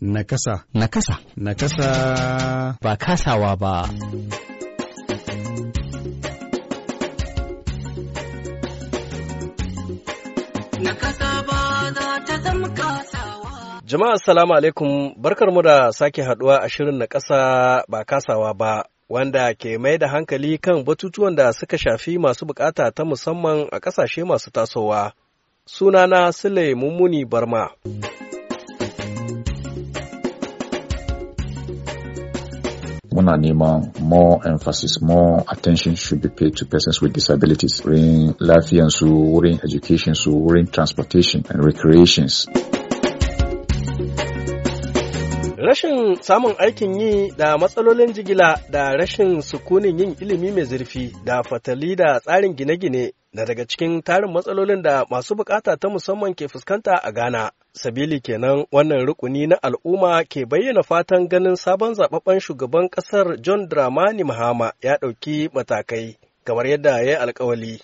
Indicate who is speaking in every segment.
Speaker 1: Nakasa. Nakasa. Nakasa. Ba kasawa ba. kasa ba za ta zama kasawa.
Speaker 2: Jama'a salamu alaikum barkarmu da sake haduwa a shirin na ƙasa ba kasawa ba. Wanda ke mai da hankali kan batutuwan da suka shafi masu bukata ta musamman a ƙasashe masu tasowa. Sunana Sule Mummuni Barma.
Speaker 3: muna neman more emphasis more attention should be paid to persons with disabilities wurin lafiyansu wurin education su wurin transportation and recreations.
Speaker 2: Rashin samun aikin yi da matsalolin jigila da rashin sukunin yin ilimi mai zurfi da fatali da tsarin gine-gine na daga cikin tarin matsalolin da masu bukata ta musamman ke fuskanta a Ghana. Sabili kenan wannan rukuni na al'umma ke bayyana fatan ganin sabon zababben shugaban ƙasar John Dramani Mahama ya ɗauki matakai kamar yadda ya yi alkawali.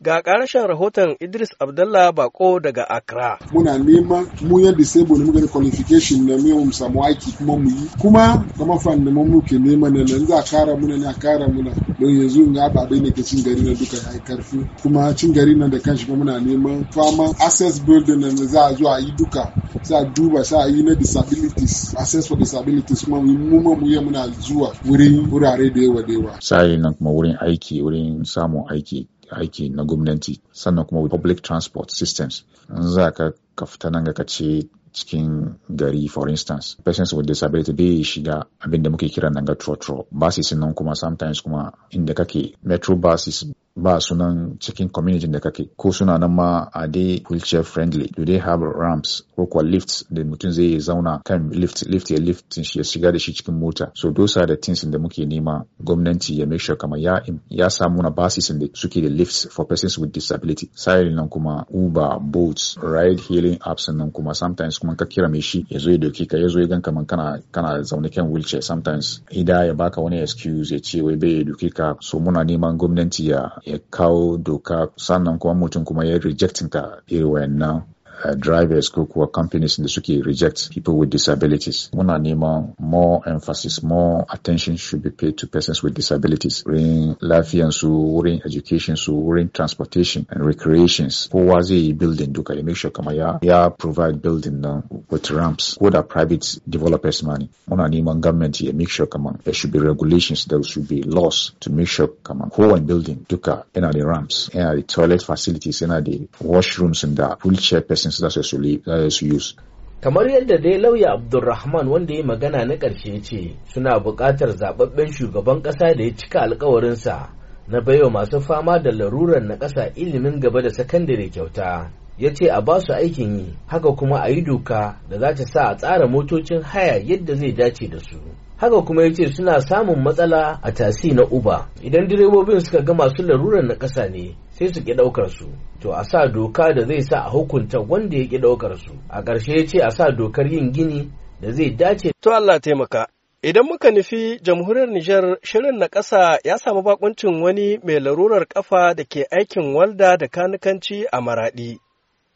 Speaker 2: Ga ƙarashen rahoton Idris Abdallah Bako daga Accra. Muna neman mu yadda sai mu ni qualification na mu mu samu aiki kuma mu yi. Kuma kamar fan da mu ke neman na nan za kara muna na kara muna don yanzu in ga ababe ne ke cin gari na duka ya karfi. Kuma cin gari na da kanshi kuma muna neman fama access building na za a zo a yi duka. Za a duba sa a yi na disabilities access for disabilities kuma mu ma mu yi muna zuwa wurin wurare da yawa da yawa.
Speaker 3: Sai nan kuma wurin aiki wurin samun aiki aiki na gwamnati sannan kuma public transport systems za ka ka fita nan ka ce cikin gari for instance persons with disability bai shiga abin da muke kira nan ga trotro buses nan kuma sometimes kuma inda kake metro buses ba sunan cikin community da kake ko suna nan ma a dai wheelchair friendly do they have ramps ko kuwa lifts da mutum zai zauna kan lift lift ya lift shi ya shiga da shi cikin mota so those are the things da muke nema gwamnati ya make sure kamar ya ya samu na basis da suke da lifts for persons with disability sai nan kuma uber boats ride hailing apps nan kuma sometimes kuma ka kira mai shi ya zo ya doki ka ya zo ya gan kamar kana kana zaune kan wheelchair sometimes ida ya baka wani excuse ya ce wai bai ya doki ka so muna neman gwamnati ya ya kawo doka sannan kuma mutum kuma ya rejectin ta irin wayannan uh, drivers ko companies in the suke reject people with disabilities more emphasis more attention should be paid to persons with disabilities wurin lafiyansu wurin education during transportation and recreations For zai building duka make sure Kamaya, ya, provide building uh, with ramps What are private developers ma ne muna neman government ya make sure kama there should be regulations there should be laws to make sure kama kowane building duka yana the ramps yana the toilet facilities yana the washrooms the wheelchair person su use
Speaker 2: kamar yadda dai lauya abdulrahman wanda ya magana na ƙarshe ce suna buƙatar zababben shugaban ƙasa da ya cika sa na baiwa masu fama da larurar na ƙasa ilimin gaba da sakandare kyauta ya ce a basu aikin yi haka kuma a yi doka da za ta sa a tsara motocin haya yadda zai dace da su haka kuma ya ce suna samun matsala a tasi na uba idan direbobin suka ga masu larurar na ƙasa ne sai su ki ɗaukar su to a sa doka da zai sa a hukunta wanda ya ki ɗaukar su a ƙarshe ya ce a sa dokar yin gini da zai dace to Allah taimaka Idan muka nufi jamhuriyar Nijar shirin na ƙasa ya samu bakuncin wani mai larurar ƙafa da ke aikin walda da kanikanci a maraɗi.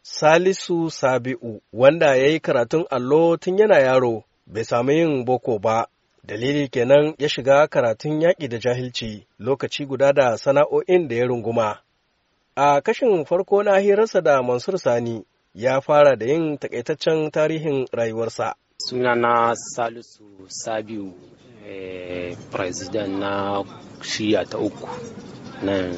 Speaker 2: Salisu Sabi'u wanda ya yi karatun allo tun yana yaro bai samu yin boko ba. Dalili kenan ya shiga karatun yaƙi da jahilci lokaci guda da sana'o'in da ya runguma. A kashin farko na hirarsa da Mansur Sani ya fara da yin takaitaccen tarihin rayuwarsa.
Speaker 1: Suna na Salisu Sabiu, eh, president na shiya ta uku nan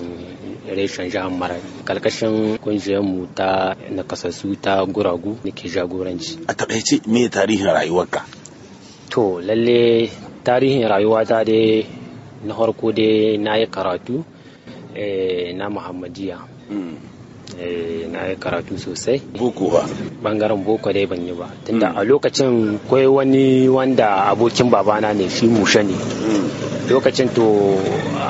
Speaker 1: reshen jihar Mara. Kalkashin mu ta nakasassu ta guragu ke jagoranci. A takaice me tarihin rayuwarka? To lalle tarihin rayuwata dai na harko dai na yi karatu. Eh, na Muhammadiyya. Eh, na yi karatu sosai boko ba bangaren boko dai ban yi ba tunda mm. a lokacin kwai wani wanda abokin babana ne shi mushe ne mm. lokacin to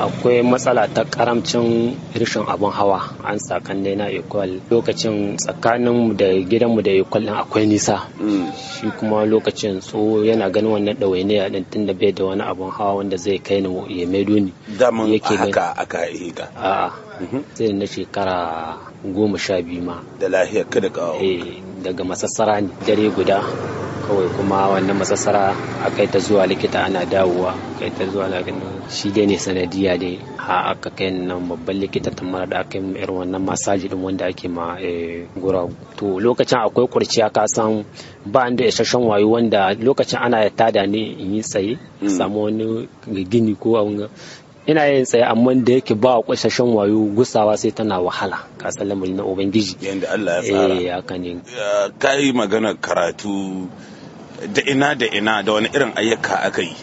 Speaker 1: akwai matsala ta karamcin rishin abin hawa an sakan dai na equal lokacin tsakanin da gidanmu da equal din akwai nisa mm. shi kuma lokacin tso yana ganin wannan ɗawainiya din tunda bai da wani abun hawa wanda zai kai ni ya maido ni daman haka aka a'a sai na shekara goma sha biyu ma da lahiyar kada kawo eh, daga masassara dare guda kawai kuma wannan masassara a kai ta zuwa likita ana dawowa kai ta zuwa shi dai ne sanadiya dai a aka kai nan babban likita ta mara da aka yi irin wannan masaji din wanda ake ma eh, guragu to lokacin akwai kurciya ka san ba da isasshen wayo wanda lokacin ana ya tada ne in yi tsaye hmm. samu wani gini ko ina yin tsaye amma da yake ba a kwashashen wayo gusawa sai tana wahala ka lamari na ubangiji yadda Allah ya tsara eh haka ne kai magana karatu da ina da ina da wani irin ayyuka aka yi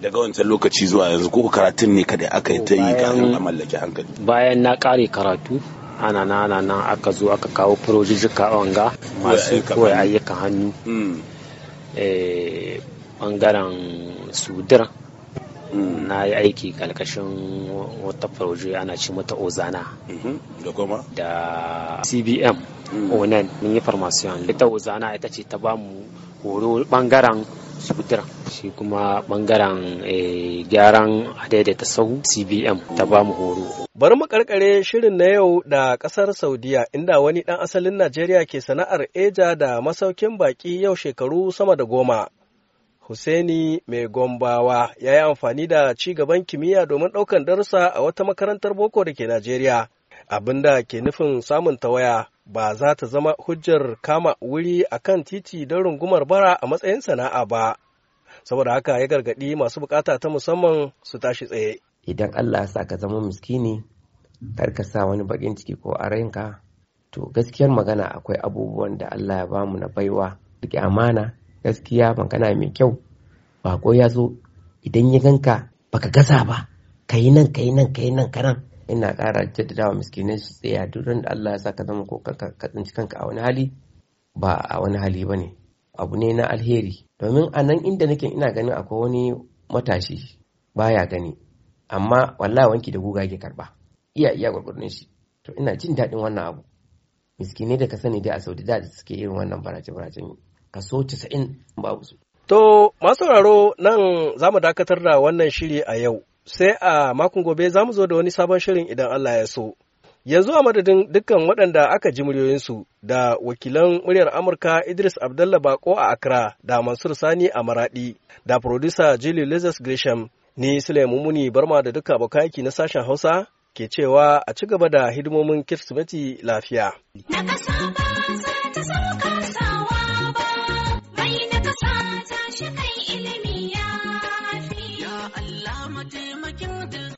Speaker 1: daga wancan lokaci zuwa yanzu ko karatun ne kada aka yi ta yi kafin a mallaki hankali bayan na kare karatu ana na ana na aka zo aka kawo ka wanga masu koya ayyukan hannu bangaren hmm. eh, sudira na yi aiki kalkashin wata farauji ana ci mata ozana mhm. da goma da cbm mhm. onan mun yi farmasiyon ita ozana ita ce ta bamu horo bangaren sutura shi kuma bangaren eh, gyaran adaidaita sau. cbm ta bamu horo
Speaker 2: bari mu karkare shirin na yau da kasar saudiya inda wani dan asalin najeriya ke sana'ar eja da masaukin baki yau shekaru sama da goma Hussaini mai gombawa ya yi amfani da ci gaban kimiyya domin ɗaukan darussa a wata makarantar boko da ke Najeriya. Abin da ke nufin samun tawaya ba za ta zama hujjar kama wuri a kan titi don rungumar bara a matsayin sana'a ba. Saboda haka ya gargaɗi masu bukata ta musamman su tashi tsaye.
Speaker 1: Idan Allah ya sa ka zama miskini, kar ka sa wani bakin ciki ko a to gaskiyar magana akwai abubuwan da Allah ya bamu na baiwa, duk amana, gaskiya magana mai kyau Ba bako ya zo idan ya ganka baka gasa ba ka yi nan ka yi nan ka yi nan karan ina kara jaddada wa miskinai su tsaya duk da Allah ya sa ka zama ko ka tsinci kanka a wani hali ba a wani hali ba ne abu ne na alheri domin a nan inda nake ina ganin akwai wani matashi baya gani amma wallahi wanki da guga yake karba iya iya shi to ina jin daɗin wannan abu miskinai da ka sani dai a saudi da suke irin wannan barace-baracen kaso 90 babu
Speaker 2: su. To masu sauraro nan za mu dakatar da wannan shiri a yau sai a makon gobe za mu zo da wani sabon shirin idan Allah ya so. Yanzu a madadin dukkan waɗanda aka ji muryoyinsu da wakilan muryar Amurka Idris Abdallah Bako a Accra da Mansur Sani a Maradi da producer Julie Lizas Grisham ni Sulaiman Muni Barma da duka abokai na sashen Hausa ke cewa a ci gaba da hidimomin Kirsimeti lafiya.
Speaker 1: Na